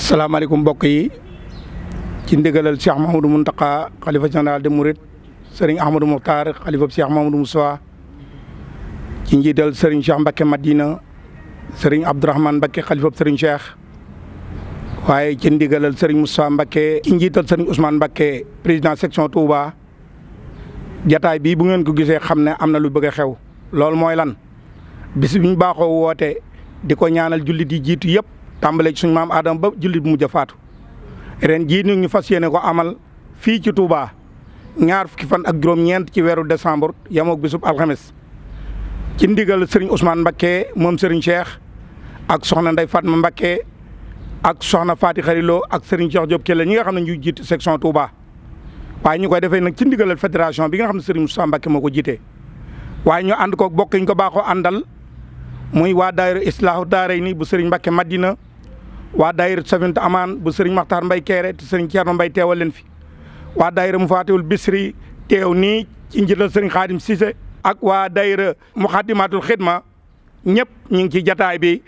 salaamaaleykum mbokk yi ci ndegalal Cheikh mahamoud muntaka khalifa general de mourid serigne Ahmadou Mokhtar khalifa Cheikh mahamoud Moussa ci njiital serigne Cheikh Mbacke Madina serigne abdourahman Mbacke khalifa serigne Cheikh waye ci ndigalal serigne Moussa Mbacke ci njiital serigne Ousmane Mbacke président section Touba jotaay bi bu ngeen ko gisee xamne amna lu bëgg xew moy lan baaxoo wote diko ñaanal julli di jitu yépp tàmbalee ci suñ maam adam ba julit bu mujj a ren ji ñu fasiyene ko amal fi ci Touba ñaar fukki fan ak juroom ñent ci wéru décembre yamook bisub alhamis ci ndigal Serigne Ousmane mbacké mom Serigne Cheikh ak soxna nday Fatma mbacké ak soxna Fati khalilo ak Serigne Cheikh Diop Kelle ñi nga xam ñu jitt section Touba. way ñu koy defee nak ci ndigal fédération bi nga xam Serigne Moussa mbacké moko ko way ñu and ko bokk ñu ko baaxoo àndal muy daire islahu daire ni bu Serigne mbacké Madina. waa daayira Safinatu Amaan bu sëriñ Maxtaar Mbay Keere te sëriñ Ceerno Mbay teewal leen fi waa daayira mu faatiwul bisri teew nii ci njiital sëriñ Xaadim Sise ak waa daayira Muxaddamatul Xidma ñëpp ñu ngi ci jataay bi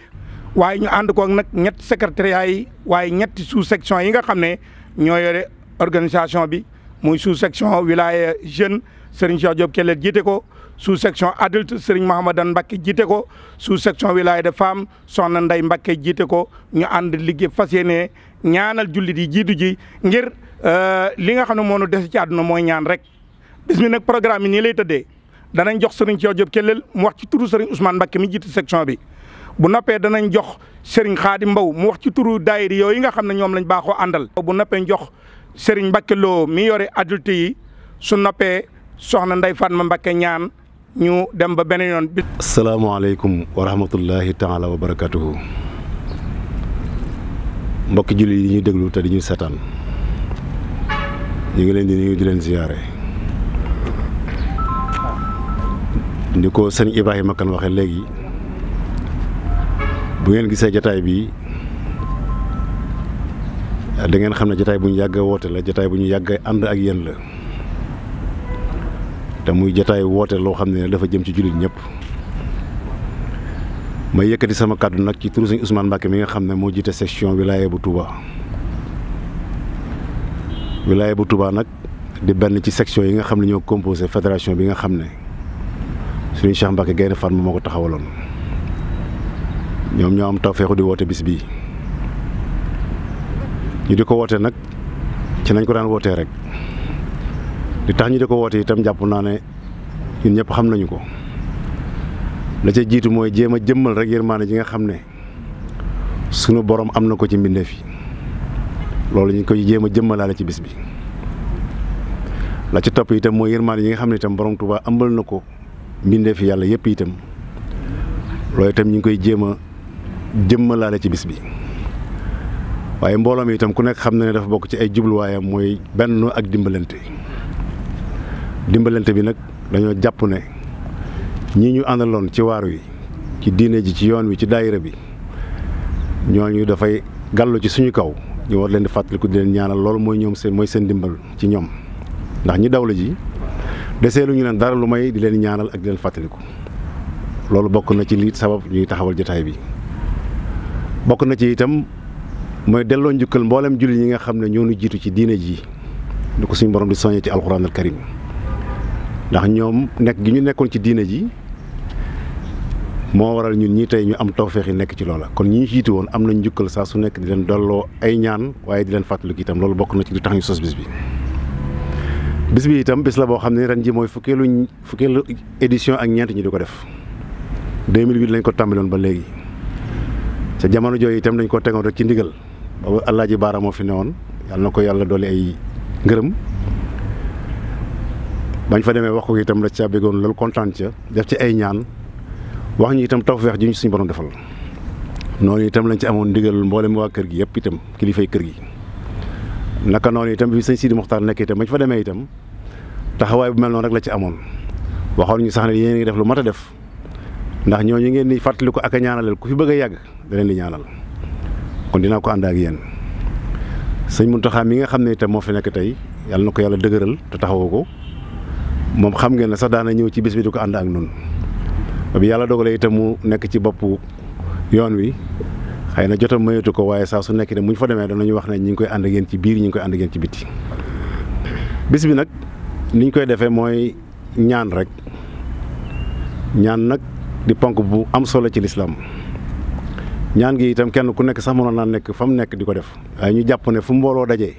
waaye ñu ànd koog nag ñetti secrétariat yi waaye ñetti sous section yi nga xam ne ñoo yore organisation bi muy sous section wilaya jeune sëriñ Cheikh Diop Kellel jiite ko sous section adulte Serigne Mahamadan Mbacké jiite ko sous section wilaya de femme Soxna nday Mbacké jiite ko ñu ànd liggéey fas yéene ñaanal jullit yi jiitu ji ngir euh, li nga xam ne moo nu des ci àdduna mooy ñaan rek. bis mi programme yi ni lay tëddee danañ jox Serigne Thiaw Diop Kellel mu wax ci turu Serigne Ousmane mi jiite section bi bu noppee danañ jox Serigne Khadim mbaw mu wax ci turu daayiri yooyu nga xam ne ñoom lañ baaxoo àndal. bu noppee jox Serigne Mbacké Lo mi yore adulte yi su noppee soxna Ndey Fatma Mbacké ñaan. ñu dem ba benen yoon bi alaykum wa rahmatullahi taala wa barakatuh mbokk julli yi ñu déglu té di sétan setaan ñu ngi leen di ñu di leen ziaré ndiko ko ibrahim kan waxe légui bu ngeen gisé jotaay bi da ngeen xamné jotaay buñu yagg la jotaay buñu yagg and ak yeen la te muy jataay woote loo xam ne dafa jëm ci jullit ñëpp may yëkkati sama kàddu nag ci turu sëñ Ousmane mi nga xam ne moo jiite section wilaya bu Touba. wilaya bu Touba nag di benn ci section yi nga xam ne ñoo composé fédération bi nga xam ne suñu Cheikh Mbacke Gaynde Fatma moo ko taxawaloon ñoom ñoo am tawféexu di woote bis bi ñu di ko woote nag ci nañ ko daan wootee rek. li tax ñu di ko woote itam jàpp naa ne ñun ñëpp xam nañu ko la ca jiitu mooy jéem a jëmmal rek yërmaane ji nga xam ne sunu boroom am na ko ci mbindeef yi loolu ñu koy jéem a jëmmalaale ci bis bi. la ci topp itam mooy yërmaane yi nga xam ne itam borom Tuubaa ambal na ko mbindeef yi yàlla yëpp itam loolu itam ñu ngi koy jéem a jëmmalaale ci bis bi. waaye mbooloo mi itam ku nekk xam na ne dafa bokk ci ay jubluwaayam mooy benn ak dimbalante dimbalante bi nag dañoo jàpp ne ñii ñu àndaloon ci waar wi ci diine ji ci yoon wi ci daayira bi ñooñu dafay gàllu ci suñu kaw ñu war leen di fàttaliku di leen ñaanal loolu mooy ñoom seen mooy seen dimbal ci ñoom ndax ñi daw ji ji lu ñu leen dara lu may di leen ñaanal ak di leen fàttaliku loolu bokk na ci lii sabab ñuy taxawal jotaay bi bokk na ci itam mooy delloo njukkal mboolem jullit ñi nga xam ne ñoo nu jiitu ci diine ji du suñu borom di soññee ci alxuraanal karim ndax ñoom nekk gi ñu nekkoon ci diine ji moo waral ñun ñii tey ñu am tawféex yi nekk ci loola kon ñi ñu jiitu woon am na njukkal saa su nekk di leen dolloo ay ñaan waaye di leen fàttaliku itam loolu bokk na ci li tax ñu sos bis bi. bis bi itam bis la boo xam ne ren ji mooy fukkeelu fukkeelu édition ak ñeent ñi di ko def 2008 lañ ko tàmbiloon ba léegi sa jamono jooyu itam dañ ko tegoon rek ci ndigal boobu Alaaji Baara moo fi newoon yàlla na ko yàlla doole ay bañ fa démé wax ko itam la ci abégon loolu kontaan ci def ci ay ñaan wax ñi itam tawfeex ji ñu suñu borom defal non itam lañ ci amoon ndigal mboolem wa kër gi yépp itam kilifay kër gi naka non itam bi señ Sidi Moxtaar nek itam bañ fa démé itam taxaway bu mel non rek la ci amon waxoon ñu sax na yeen ngi def lu mata def ndax ñooñu ngeen ni fatlikou ak a ku fi bëgg a da leen di ñaanal kon dina ko ànd ak yéen Muntaxa mi nga xamne itam mo fi nek tay yalla nako yalla degeural te mom xam ngeen ne sax daana ñew ci bis bi du ko and ak nun bi yonwi. dogale itam mu nek ci bop yoon wi xeyna na jotam mayatu ko waye saa su nek de muñ fa demee danañu wax ne ñing koy and ak ci biir ñing koy and ak ci biti bis bi nak niñ koy defé moy ñaan rek ñaan nak di ponk bu am solo ci l'islam ñaan gi itam kenn ku nek sax mënoon na nek fam nek diko di def ay ñu japp ne fu mbolo dajé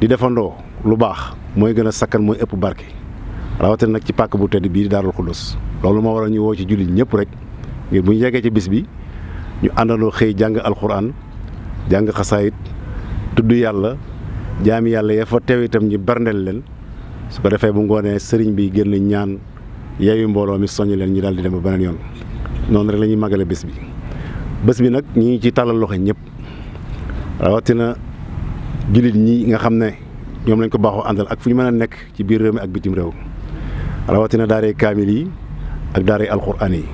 di defando lu bax moy gëna sakkan moy ëpp barké rawatina nak ci pak bu tedd bi di khulus lolou mo moo waral ñu wo ci julit ñepp rek ngir bu ñu yeggee ci bis bi ñu andalo xey jang alquran jang khasaid tuddu yalla jami yalla ya fa tew itam ñu berndeel len su ko defee bu ngone sëriñ bi genn ñaan yeewi mbolo mi soñu len ñu daldi di dem ba beneen yoon non rek lañuy magale bis bi bis bi nak ñi ngi ci tàllal loxo ñëpp rawatina julit ñi nga xamne ne lañ ko baaxoo andal ak fuñu mëna nek ci biir réew mi ak bitim réew rawatina daaree kaamil yi ak daaree alxuraan yi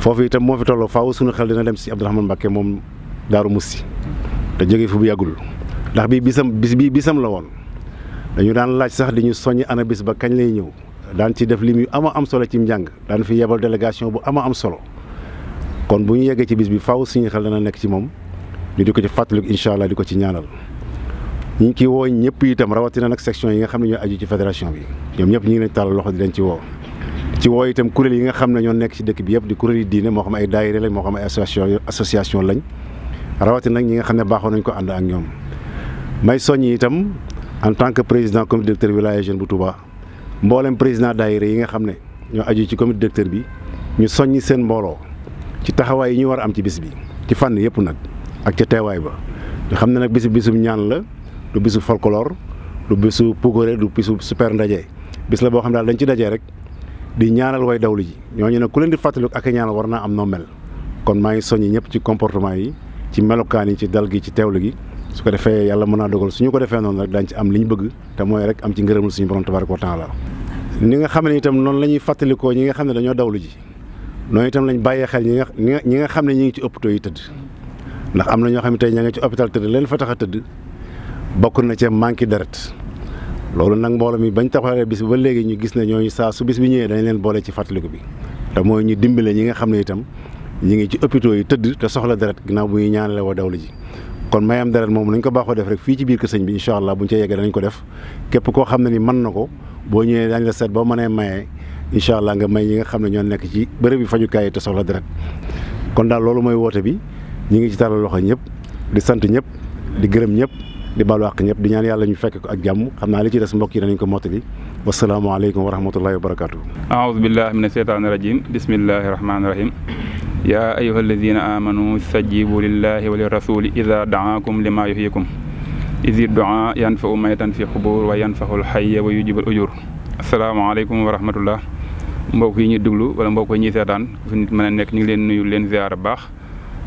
foofu itam moo fi tolloo faaw suñu xel dina dem si Abdourahmane Mbacké moom daaru Moussi te jóge fu bu yàggul ndax bii bisam bis bii bisam la woon dañu daan laaj sax di ñu soññ ana bis ba kañ lay ñëw daan ci def lim yu ama am solo ci njàng daan fi yebal délégation bu ama am solo kon bu ñu yeggee ci bis bi faaw suñu xel dana nekk ci moom ñu di ko ci fàttaliku incha allah di ko ci ñaanal. ñu ngi ci woo ñëpp itam rawatina nag section yi nga xam ne ñoo aju ci fédération bi ñoom ñëpp ñu ngi leen tàllal loxo di leen ci woo ci yi nga xam ne ñoo nekk ci dëkk bi yëpp di kuréel yi diine moo xam ay daayira lañ moo xam ay association lañ rawatina ñi nga xam ne baaxoo nañ ko ànd ak ñoom may soññ itam en tant que président comité directeur wilaya jeune bu Touba mboolem président daayira yi nga xam ne ñoo aju ci comité directeur bi ñu soññi seen mbooloo ci taxawaay yi ñu war a am ci bis bi ci fànn yëpp nag ak ca teewaay ba ñu xam ne bis bisum ñaan la du bisu folklore du bisu pugore du bisu super ndaje bis la bo xam dal dañ ci dajé rek di ñaanal way dawlu ji ñoo ñu ne ku leen di fatelu ak ñaanal warna am no mel kon ma ngi soñi ñep ci comportement yi ci melokan yi ci dal gi ci tewlu gi su ko defé yalla mëna dogal suñu ko defé non rek dañ ci am liñ bëgg te moy rek am ci ngërëmul suñu borom tabaraku taala ni nga xam itam non lañuy ñuy ko ñi nga xam dañoo dawlu ji noonu itam lañ baye xel ñi nga ñi nga xam ñi ngi ci hôpital yi tëdd ndax am na ñoo xam ne tey nga ci hôpital tëdd leen fa taxa a bokku na ci manki deret lolu nak mbolam mi bañ taxawé bis ba légui ñu gis na ñoy sa su bis bi ñëwee dañ leen bolé ci fàttaliku bi da moy ñu dimbalé ñi nga xamné itam ñi ngi ci hôpitaux yi teud te soxla deret ginaaw bu ñu ñaanalé wa dawla ji kon mayam deret mom nañ ko baxo def rek fi ci biir ke señ bi inshallah allah buñ ci yeggee dañ ko def képp ko xamné ni man nako bo boo dañ la sét bo mané mayee inshallah nga may ñi nga xamné ne ñoo nekk ci bërëb bi fajukaay yi te soxla deret kon daal lolu moy wote bi ñi ngi ci tàllal loxo ñëpp di sant ñëpp di gërëm ñëpp di balu àq ñëpp di ñaan yàlla ñu fekk ko ak jàmm xam naa li ci des mbokk yi danañ ko mottali wasalaamaaleykum wa rahmatullahi wa barakaatu. aoudu billahi min asheytaani rajim bismillahi rahmaani rahim yaa ayuha alladina amanu stajibu lillahi wa li rasuli ida daakum lima yuhyikum isi doa yanfau maytan fi xubuur wa yan xayya wa yujibul ujur asalaamaaleykum wa rahmatullah mbokk yi ñuy déglu wala mbokk yi ñuy seetaan wala fi ñi mën a nekk ñu ngi leen nuyu leen ziyaara baax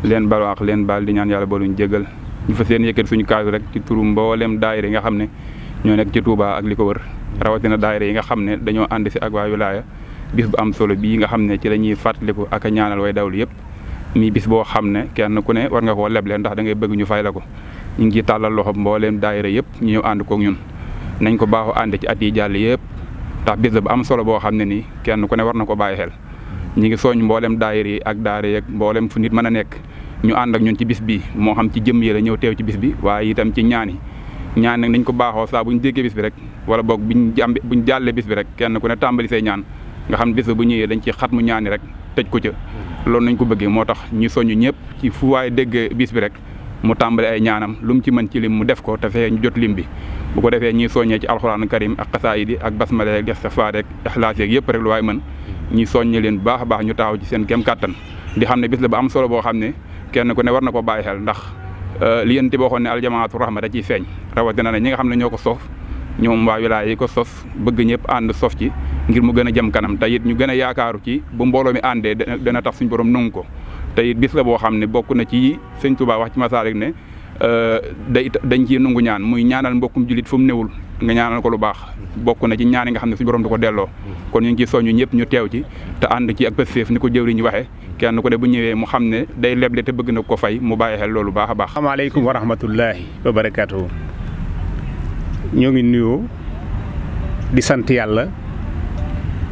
leen balu àq leen baal di ñaan yàlla booluñ jégal ñu fa seen yëkkat suñu kaasu rek ci turu mboolem daayira yi nga xam ne ñoo nekk ci Touba ak li ko wër rawatina daayira yi nga xam ne dañoo ànd si ak waa wilaaya bis bu am solo bii nga xam ne ci la ñuy fàttaliku ak a ñaanal way dawlu yëpp mii bis boo xam ne kenn ku ne war nga koo leble ndax da ngay bëgg ñu fay la ko ñu ngi ciy tàllal loxo mbooleem daayira yëpp ñu ñëw ànd kook ñun nañ ko baaxoo ànd ci at yi jàll yëpp ndax bis bu am solo boo xam ne kenn ku ne war na ko bàyyi xel ñi ngi soññ mboolem daayira yi ak daara yeeg mboolem fu nit mën nekk ñu ànd ak ñun ci bis bi moo xam ci jëm yi la ñëw teew ci bis bi waaye itam ci ñaani yi ñaan nag nañ ko baaxoo saa bu ñu déggee bis bi rek wala boog buñ jàmbe buñ jàllee bis bi rek kenn ku ne tàmbali say ñaan nga xam bis bu ñëwee dañ ci xat mu ñaani rek tëj ko ca loolu nañ ko bëggee moo tax ñu soññu ñëpp ci fu waaye déggee bis bi rek mu tàmbali ay ñaanam lu mu ci mën ci lim mu def ko te fexe ñu jot lim bi bu ko defee ñuy soññee ci alxuraanu kari ak xasaayid yi ak basmala yeeg istixfaar yeeg ixlaas yeeg yëpp rek lu waaye mën ñu soññe leen baax baax ñu taxaw ci seen kem kàttan di xam ne bis la ba am solo boo xam ne kenn ku ne war na ko bàyyi xel ndax euh, li yéen ti boo xoon ne aljamaatu rahma da ciy feeñ rawatina ne ñi nga xam ne ñoo ko sof ñoom waa wilaaya yi ko sos bëgg ñëpp ànd soof ci ngir mu gën a jëm kanam te it ñu gën a yaakaaru ci bu mbooloo mi àndee dana tax suñu borom nangu ko te it boo xam ne bokk na ci sëñ Tuubaa wax ci Masaalik ne Euh, day dañ ciy nungu ñaan muy ñaanal mbokkum jullit fu mu newul nga ñaanal ko lu baax bokk na ci ñaan nga xam ne suñu borom du ko delloo kon ñu ngi ciy soññu ñëpp ñu teew ci te ànd ci ak pëstéef ni ko jëwriñ waxee kenn ko de bu ñëwee mu xam ne day leble te bëgg na ko fay mu bàyyi xel loolu baax a baax. asalaamaaleykum wa rahmatullaahi wa ngi nuyoo di sant yàlla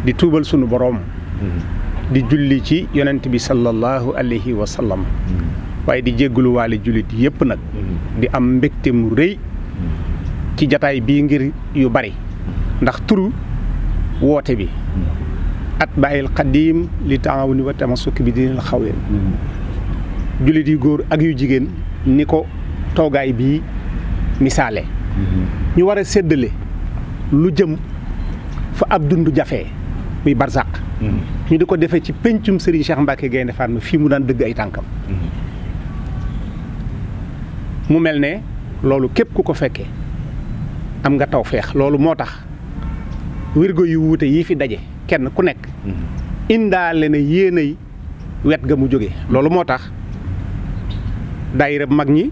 di tuubal sunu borom. Mm-hmm. di julli ci yonent bi sallallahu alayhi wa sallam. Mm-hmm. waaye di jéggalu waale jullit yëpp nag mm-hmm. di am mbégte mu rëy mm-hmm. ci jataay bii ngir yu bari mm-hmm. ndax turu woote bi at bàyyil xadiim li taawuni wa tamasuk bi dinil xawleen jullit yu góor ak yu jigéen ni ko toogaay bi misaale ñu war a séddale lu jëm fa ab dundu jafe muy barzaq ñu di ko defee ci pencum Serigne Cheikh Mbacke Gaynde Fatma fii mu daan dëgg ay tànkam mu mel ne loolu képp ku ko fekke am nga taw feex loolu moo tax wirgo yu wuute yii fi daje kenn ku nekk mm-hmm. indaale na yéenay wet ga mu jóge loolu moo tax daayira mag ñi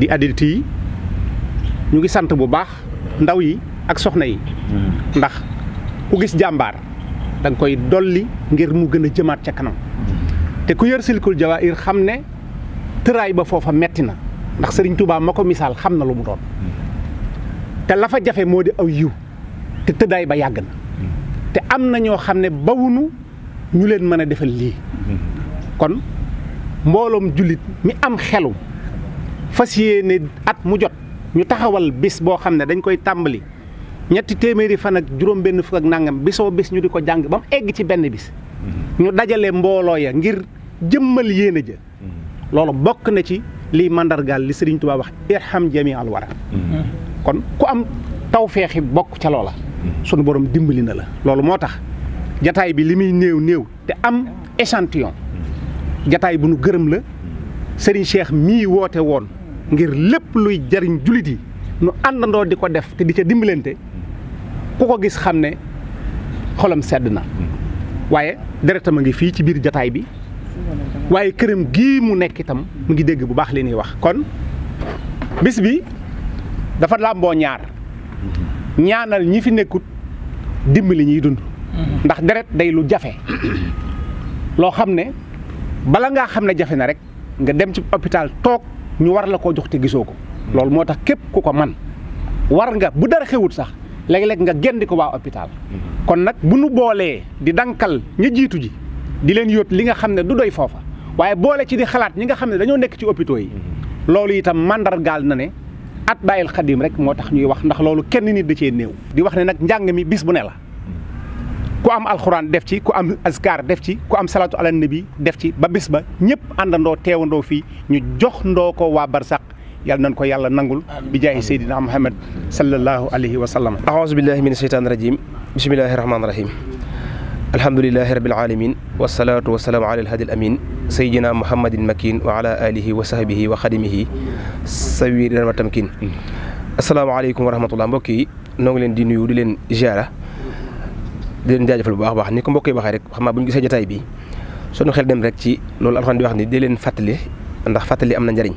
di adulte ñu ngi sant bu baax ndaw yi ak soxna yi mm-hmm. ndax ku gis jàmbaar da nga koy dolli ngir mu gën a jëmaat ca kanam mm-hmm. te ku yër silkul jawaahir xam ne tëraay ba foofa metti na ndax sëriñ Touba ma ko misaal xam na lu mu doon te la fa jafe moo di aw yiw te tëddaay ba yàgg na te am na ñoo xam ne bawunu ñu leen mën a defal lii kon mbooloom jullit mi am xelu fas yéene at mu jot ñu taxawal bis boo xam ne dañ koy tàmbali ñetti téeméeri fan ak juróom benn fukk ak nangam bisoo bis ñu di ko jàng ba mu egg ci benn bis ñu dajale mbooloo ya ngir jëmmal yéene ja mm-hmm. loolu bokk na ci liy mandargaal li Sëriñ Tuubaa wax irham jami wara kon ku am tawféexi bokk ca loola sunu borom dimbali na la loolu moo tax jataay bi li muy néew néew te am échantillon jataay bu nu gërëm la Serigne Cheikh mii woote woon ngir lépp luy jariñ jullit yi nu àndandoo di ko def te di ca dimbalante ku ko gis xam ne xolam sedd na waaye deretam a ngi fii ci biir jataay bi waaye këram gii mu nekk itam mu ngi dégg bu baax li ñuy wax kon bis bi dafa làmboo ñaar ñaanal ñi fi nekkut li ñuy dund ndax deret day lu jafe loo xam ne bala ngaa xam ne jafe na rek nga dem ci hôpital toog ñu war la koo jox te gisoo ko loolu moo tax képp ku ko man war nga bu dara xewut sax léeg lekk nga gendi ko waa hôpital kon nag bu nu boolee di dankal ña jiitu ji di leen yóot li nga xam ne du doy foofa waye boole ci di xalaat ñi nga xamne ne dañoo nekk ci hôpitaux yi loolu itam mandar gal na ne at bayil khadim rek motax ñuy wax ndax loolu kenn nit da cee néew di wax ne nak njàng mi bis bu ne la ku am alxuraan def ci ku am azkar def ci ku am salatu ala nabi def ci ba bis ba ñëpp andando teewando fi ñu jox ndo ko wa barsak yàlla nañ ko yàlla nangul bi jaahi sayyidina muhammad sallallahu alayhi wa sallam a'udhu billahi minash shaitanir rajim bismillahir rahmanir rahim الحمد لله رب العالمين والصلاة والسلام على الهادي الأمين سيدنا محمد المكين وعلى آله وصحبه وخدمه سوير وتمكين السلام عليكم ورحمة الله مبكي نوغ لين دي نيو دي لين جارة di leen jaajëfal bu baax baax ni ko mbokk yi waxee rek xam naa bu ñu gisee jotaay bi sunu xel dem rek ci loolu alxuraan di wax ni di leen fàttali ndax fàttali am na njariñ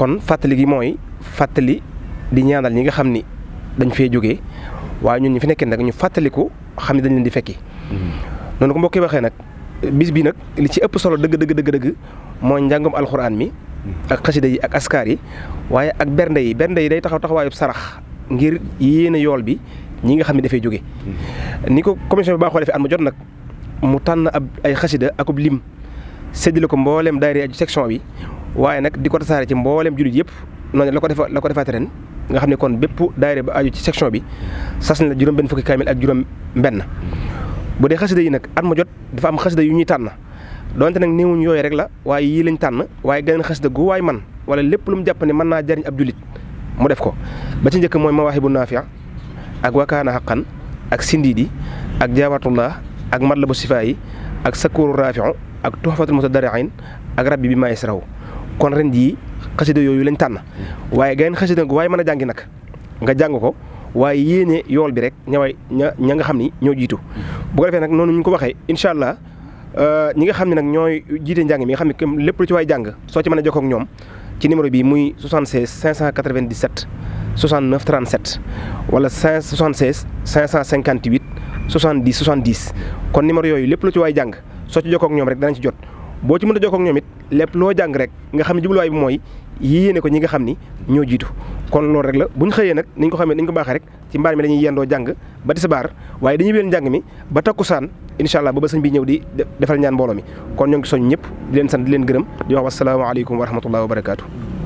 kon fàttali gi mooy fàttali di ñaanal ñi nga xam ni dañ fee jógee waaye ñun ñu fi nekkee nag ñu fàttaliku xam ne dañ leen di fekki noonu ko mbokk yi waxee nag bis bi nag li ci ëpp solo dëgg dëgg dëgg dëgg mooy njàngum alxuraan mi ak xasida yi ak askar yi waaye ak bernde yi bernde yi day taxaw taxawaayub sarax ngir yéene yool bi ñi nga xam ne dafay jóge ni ko commission bi baaxoo defee at mu jot nag mu tànn ab ay xasida akub lim séddale ko mbooleem daayira section bi waaye nag di ko tasaare ci mbooleem jullit yëpp noonu la ko defa la ko defaat ren nga xam ne kon bépp daayira ba aju ci section bi sas na la juróom benn fukki kaamil ak juróom benn bu dee xasida yi nak at ma jot dafa am xasida yu ñuy tan donte nak wa yoy rek la waye yi lañ tan waye geneen xasida gu waay man wala lepp lu mu japp ni man na jariñ ab julit mu def ko ba ci ñëk moy mawahibu nafi'a ak wakaana haqqan ak sindidi ak jawatullah ak matlabu sifaa ak sakkuuru rafi'u ak tuhfatul mutadariin ak rabbi bi kon ren jii xasida yooyu lañ tan waye gën xasida gu waay mëna jangi nak nga jang ko waaye yéene yool bi rek ñaway ña ña nga xam ni ñoo jiitu bu ko defee nag noonu ñu ko waxee incha allah euh, ñi nga xam ne nag ñooy jiite njàng mi nga xam ne lépp lu ci waay jàng soo ci mën a jokkoo ak ñoom ci bi muy 76 597 69 wala 76 558 70 70 kon numéro yooyu lépp lu ci waay jàng soo ci jokkoo ñoom rek danañ ci jot boo ci mën a jokkoo ñoom it lépp loo jàng rek nga xam ne jubluwaay bi mooy yéene ko ñi nga xam ni ñoo jiitu kon loolu rek la bu ñu xëyee nag niñ ko xamee niñ ko baaxee rek ci mbaar mi dañuy yendoo jàng ba tisbaar waaye dañuy wéen jàng mi ba takkusaan incha allah ba ba sëñ bi ñëw di defal ñaan mbooloo mi kon ñoo ngi soñ ñëpp di leen san di leen gërëm di wax wasalaamaaleykum wa rahmatullahi wa barakaatu